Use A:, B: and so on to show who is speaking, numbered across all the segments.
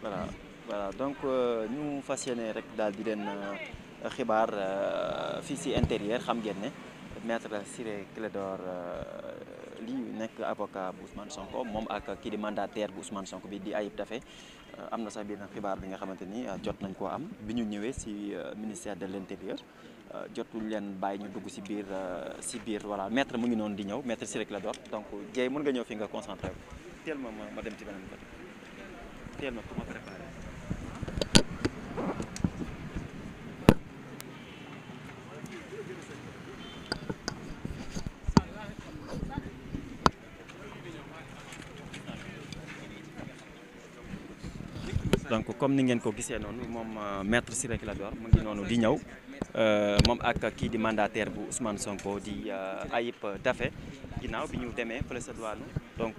A: voilà voilà donc euh, ñu fas yéene rek daal di leen euh, xibaar euh, fii si intérieur xam ngeen ne maître Ciré Clédor lii nekk avocat bu Ousmane Sonko moom ak kii di mandataire bu Ousmane Sonko bi di Ayib Daffé am na sax biir xibaar bi nga xamante ni jot nañ koo am bi ñu ñëwee si ministère de l'intérieur jotul leen bàyyi ñu dugg si biir si biir voilà maître mu ngi noonu di ñëw maître Ciré Clédor donc Dieye mën nga ñëw fi nga concentré wu tellement ma ma dem ci beneen côté. teel ma donc comme ni ngeen ko gisee noonu moom euh, maître Ciré Clédor mu ngi noonu di ñëw euh, moom ak kii di mandataire bu Ousmane Sonko di euh, Ayib Daffé ginnaaw bi ñu demee fële sa donc.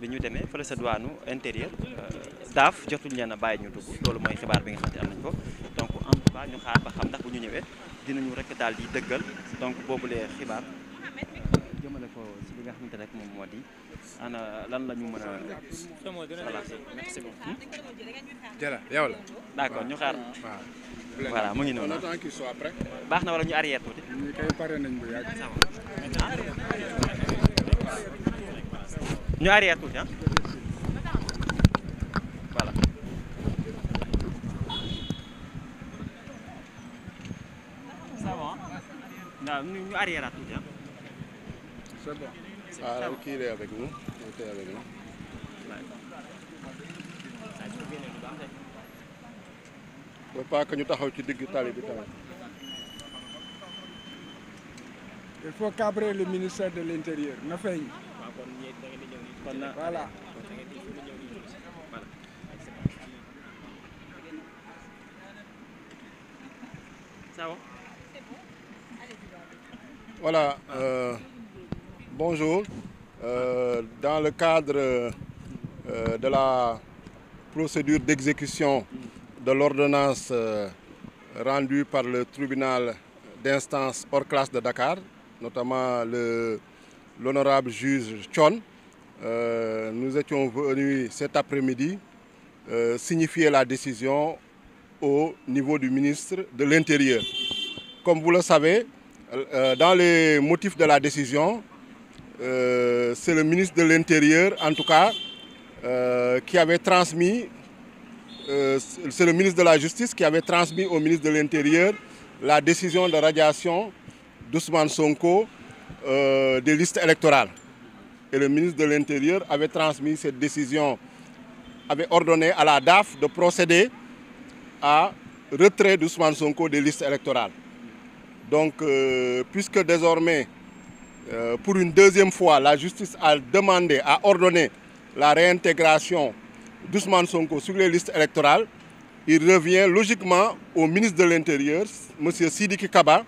A: bi ñu demee fële sa douane intérieur euh, daaf jotul ñenn bàyyi ñu dugg loolu mooy xibaar bi nga xam ne am nañ ko donc en tout cas ñu xaar ba xam bu ñu ñëwee dinañu rek daal di dëggal donc boobulee xibaar jëmale ko si li xamante rek moom moo di lan la ñu mën a voilà merci beaucoup. Hmm? jërëjëf yow la. ñu xaar. waaw voilà baax na wala ñu arrière tuuti. ñu kay pare ñu arrière tuuti tuuti ah c'est bon ah avec nous
B: il est avec nous faut pas que ñu taxaw ci digg tali bi il faut cabrer le ministère de l'intérieur na feeñ voilà voilà euh, bonjour euh, dans le cadre euh, de la procédure d'exécution de l'ordonnance euh, rendue par le tribunal d'instance hors classe de Dakar notamment le l'honorable juge Thion Euh, nous étions venus cet après-midi euh, signifier la décision au niveau du ministre de l'Intérieur. Comme vous le savez, euh, dans les motifs de la décision, euh, c'est le ministre de l'Intérieur, en tout cas, euh, qui avait transmis, c'est le ministre de la Justice qui avait transmis au ministre de l'Intérieur la décision de radiation d'Ousmane Sonko des listes électorales. et le ministre de l'Intérieur avait transmis cette décision, avait ordonné à la DAF de procéder à retrait d'Ousmane Sonko des listes électorales. Donc, euh, puisque désormais, euh, pour une deuxième fois, la justice a demandé, à ordonné la réintégration d'Ousmane Sonko sur les listes électorales, il revient logiquement au ministre de l'Intérieur, M. Sidiki Kaba,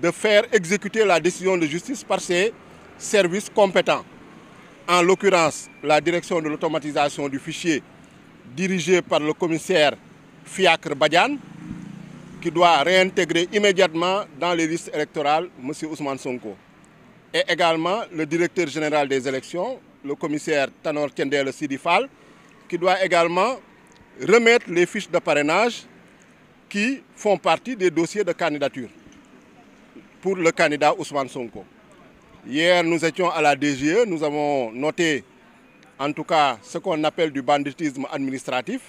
B: de faire exécuter la décision de justice par ses service compétents, en l'occurrence la direction de l'automatisation du fichier dirigée par le commissaire Fiacre Badian, qui doit réintégrer immédiatement dans les listes électorales M. Ousmane Sonko. Et également le directeur général des élections, le commissaire Tanor Tiendel Sidifal, qui doit également remettre les fiches de parrainage qui font partie des dossiers de candidature pour le candidat Ousmane Sonko. Hier, nous étions à la DGE, nous avons noté en tout cas ce qu'on appelle du banditisme administratif.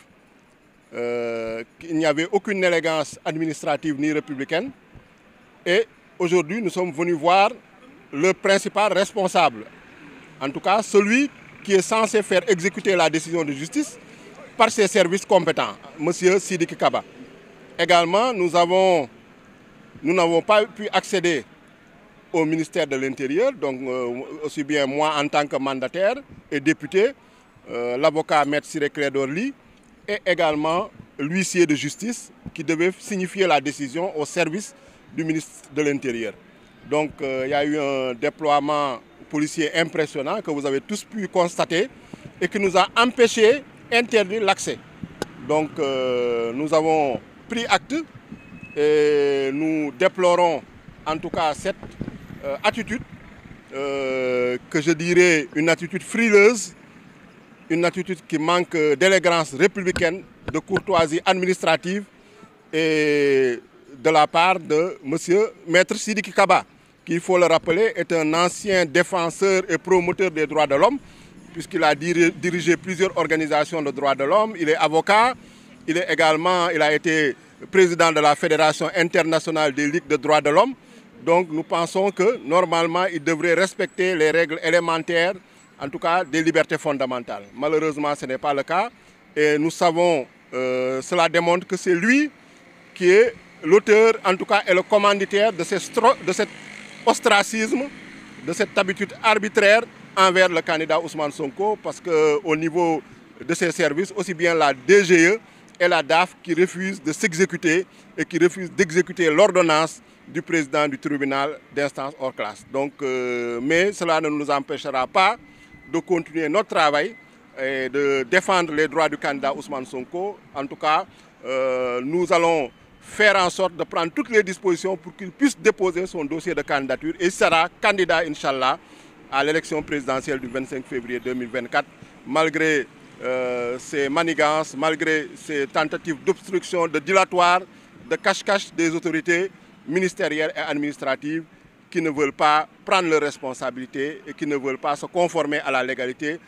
B: Euh, il n'y avait aucune élégance administrative ni républicaine. Et aujourd'hui, nous sommes venus voir le principal responsable, en tout cas celui qui est censé faire exécuter la décision de justice par ses services compétents, M. Sidiki Kaba. Également, nous n'avons nous pas pu accéder au ministère de l'Intérieur, donc euh, aussi bien moi en tant que mandataire et député, euh, l'avocat Maître Siré Dorly et également l'huissier de justice qui devait signifier la décision au service du ministre de l'Intérieur. Donc euh, il y a eu un déploiement policier impressionnant que vous avez tous pu constater et qui nous a empêché, interdit l'accès. Donc euh, nous avons pris acte et nous déplorons en tout cas cette Euh, attitude euh, que je dirais une attitude frileuse, une attitude qui manque d'élégance républicaine, de courtoisie administrative et de la part de monsieur Maître Sidiki Kaba, qui, il faut le rappeler, est un ancien défenseur et promoteur des droits de l'homme, puisqu'il a dirigé plusieurs organisations de droits de l'homme, il est avocat, il également, il a été président de la Fédération internationale des ligues de droits de l'homme Donc nous pensons que normalement, ils devraient respecter les règles élémentaires, en tout cas des libertés fondamentales. Malheureusement, ce n'est pas le cas. Et nous savons, euh, cela démontre que c'est lui qui est l'auteur, en tout cas, et le commanditaire de, ces de cet ostracisme, de cette habitude arbitraire envers le candidat Ousmane Sonko, parce qu'au euh, niveau de ces services, aussi bien la DGE et la DAF qui refusent de s'exécuter et qui refusent d'exécuter l'ordonnance du président du tribunal d'instance hors classe. Donc, euh, mais cela ne nous empêchera pas de continuer notre travail de défendre les droits du candidat Ousmane Sonko. En tout cas, euh, nous allons faire de prendre toutes les dispositions pour qu'il puisse déposer son dossier de candidature et sera candidat, Inch'Allah, à l'élection présidentielle du 25 février 2024, malgré euh, ces manigances, malgré ces tentatives d'obstruction, de dilatoire, de cache-cache des autorités, ministérielles et administratives qui ne veulent pas prendre leurs responsabilités et qui ne veulent pas se conformer à la légalité,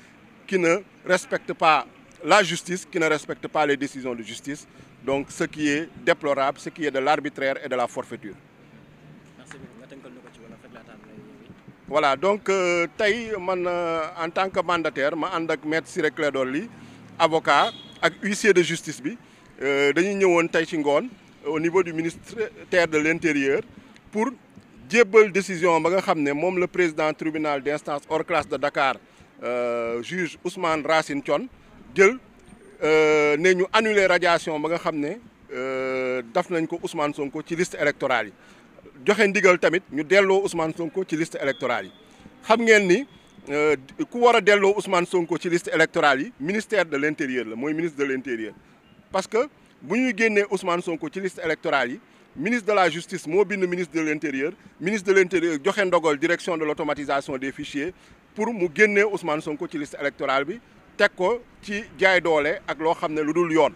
B: qui ne respectent pas la justice, qui ne respectent pas les décisions de justice. Donc ce qui est déplorable, ce qui est de l'arbitraire et de la forfaiture. Euh, voilà donc euh, tey man euh, en tant que mandataire ma ànd ak maître Ciré Clédor li avocat ak huissier de justice bi dañuy ñëwoon tey ci ngoon au niveau du ministère de l'Intérieur pour jébbal décision ba nga xam ne moom la président tribunal d'instance hors classe de Dakar euh, juge Ousmane Racine Thion jël euh, ne ñu annuler radiation ba nga xam ne euh, daf nañ ko Ousmane Sonko ci liste électorale yi joxe ndigal tamit ñu delloo Ousmane Sonko ci liste électorale yi xam ngeen ni euh, ku war a delloo Ousmane Sonko ci liste électorale yi ministère de l'intérieur la mooy ministre de l'intérieur parce que bu ñuy génnee Ousmane Sonko ci liste électorale yi ministre de la justice moo binn ministre de l' intérieur ministre de l' intérieur joxe ndogal direction de l' automatisation des fichiers pour mu génnee Ousmane Sonko ci liste électorale bi teg ko ci jaay doole ak loo xam ne lu dul yoon.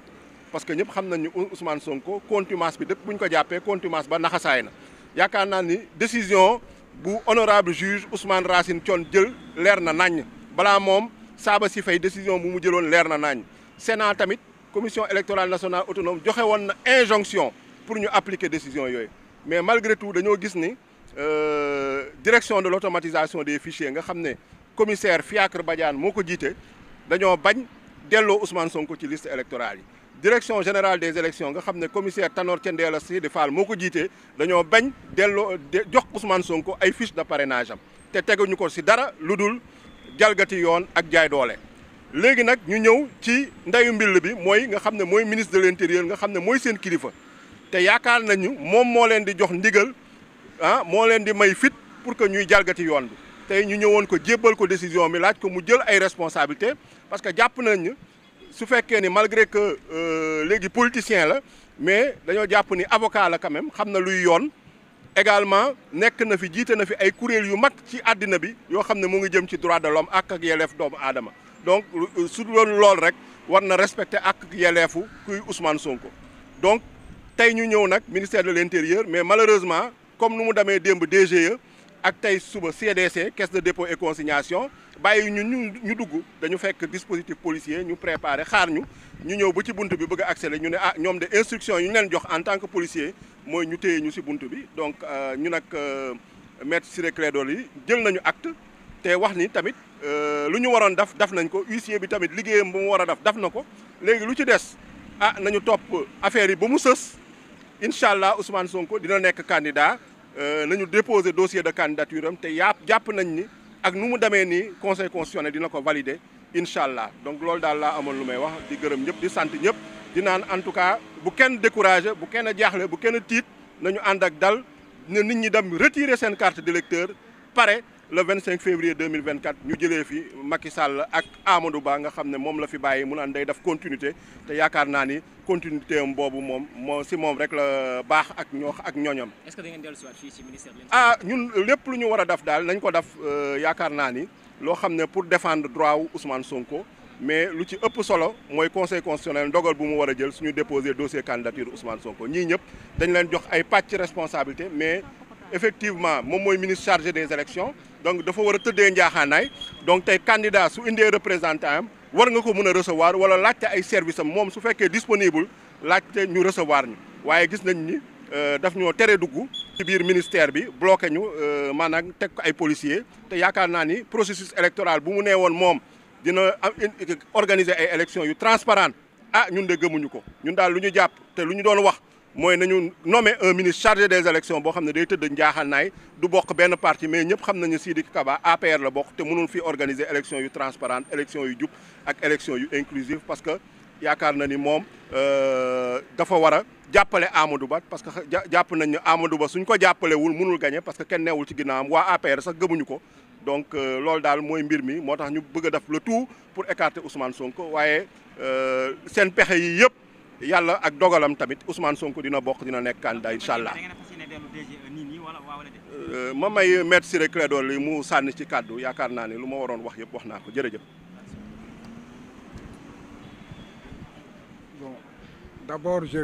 B: parce que ñëpp xam nañu ne Ousmane Sonko contumace bi dëpp bu ñu ko jàppee contumace ba naxasaay na yaakaar naa ni décision bu honorable juge Ousmane Racine Thion jël leer na nañ balaa moom saaba si fay décision bu mu jëloon leer na naññ Sénat tamit. commission électorale nationale autonome joxe woon na injonction pour ñu appliquer décision yooyu mais malgré tout dañoo gis ni euh, direction de l'automatisation des fichiers nga xam ne commissaire Fiacre Badiane moo ko jiite dañoo bañ delloo Ousmane Sonko ci liste électorale yi direction générale des élections nga xam ne commissaire Tanor Thiendella Seydi Fall moo ko jiite dañoo bañ delloo jox Ousmane Sonko ay fiche de parrainage am te teguñu ko ci dara lu dul jalgati yoon ak jaay doole. léegi nag ñu ñëw ci ndeyu mbill bi mooy nga xam ne mooy ministre de l'intérieur nga xam ne mooy seen kilifa te yaakaar nañu moom moo leen di jox ndigal ah moo leen di may fit pour que ñuy jalgati yoon bi tey ñu ñëwoon ko jébbal ko décision bi laaj ko mu jël ay responsabilité parce que jàpp nañu su fekkee ni malgré que euh, léegi politicien la mais dañoo jàpp ni avocat la quand xam na luy yoon également nekk na fi jiite na fi ay kuréel yu mag ci àddina bi yoo xam ne mu ngi jëm ci droit de l'homme ak ak yelleef doomu aadama donc su doon lool rek war na respecter ak yelleefu kuy Ousmane ko donc tey ñu ñëw nag ministère de l'intérieur mais malheureusement comme nu mu demee démb DGE ak tey suba CDC caisse de dépôt et consignation bàyyi ñu ñu ñu dugg dañu fekk dispositif policier ñu préparé xaar ñu ñu ñëw ba ci bunt bi bëgg a accéder ñu ne ah ñoom de instruction yu ñu leen jox en tant que policier mooy ñu téye ñu si bunt bi donc euh, ñu nag euh, maître Ciré dool yi jël nañu acte te wax ni tamit euh, lu ñu waroon daf daf nañ ko huissier bi tamit liggéeyam bu mu war a daf daf na ko léegi lu ci des ah nañu topp affaire yi ba mu sës incha allah Ousmane Sonko dina nekk candidat euh, nañu déposer dossier de candidature am te yàpp jàpp nañ ni ak nu mu demee nii conseil constitutionnel dina ko valider incha allah donc loolu daal laa amoon lu may wax di gërëm ñëpp di sant ñëpp di naan en tout cas bu kenn découragé bu kenn jaaxle bu kenn tiit nañu ànd ak dal nit ñi dem retirer seen carte d'électeur pare. le 25 février 2024 ñu jëlee fi Macky Sall ak Amadou Ba nga xam ne moom la fi bàyyi mun naan day def continuité te yaakaar naa ni continuité am boobu moom moo si moom rek la baax ak ñoo ak ñooñam.
A: est-ce da ngeen dellusiwaat fii si ah,
B: ñun lépp lu ñu war a def daal nañ ko def euh, yaakaar naa ni loo xam ne pour defendre droit wu Ousmane Sonko. mais lu ci ëpp solo mooy conseil constitutionnel ndogal bu mu war a jël suñu déposer dossier candidature Ousmane Sonko ñii ñëpp dañ leen jox ay pàcc responsabilité mais. effectivement moom mooy ministre chargé des élections donc dafa war a tëddee njaaxaanaay donc tey candidat su indee représentant am war nga ko mën a recevoir wala laajte ay service am moom su fekkee disponible laajte ñu recevoir ñu waaye gis nañ ni euh, daf ñoo tere dugg ci biir ministère bi bloqué ñu euh, maanaam teg ko ay policiers te yaakaar naa ni processus électoral bu mu nee woon moom dina organiser ay élections yu transparente ah ñun de gëmuñu ko ñun daal lu ñu jàpp te lu ñu doon wax mooy nañu nommer un ministre chargé des élections boo xam ne day tëdd njaaxanaay du bokk benn parti mais ñëpp xam nañu Sidiki Kaba APR la bokk te mënul fi organiser élection yu transparente élection yu jub ak élection yu inclusive parce que yaakaar na ni moom euh, dafa war a jàppale Amadou Ba parce que jàpp nañ ne Amadou Ba suñ ko jàppalewul mënul gagner parce que kenn neewul ci ginnaawam waa APR sax gëmuñu ko donc euh, loolu daal mooy mbir mi moo tax ñu bëgg a def le tout pour écarter Ousmane Sonko waaye euh, seen pexe yi yëpp. yàlla ak dogalam tamit Ousmane Sonko dina bokk dina nekk candidat incha allah. Euh, euh, ma may maître Ciré Clédor Ly mu sànni ci kàddu yaakaar naa ne lu ma waroon wax yëpp wax naa ko jërëjëf.